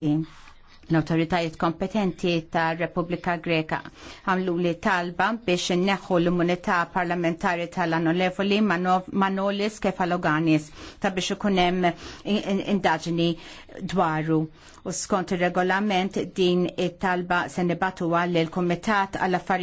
l-autoritajiet kompetenti ta' Repubblika Greka għamlu li talba biex neħu l-immunità parlamentari tal-anolevoli Manolis Kefaloganis ta' biex ikunem indaġni dwaru. U skont il-regolament din it-talba se nibatu għall-Komitat għall-Affarijiet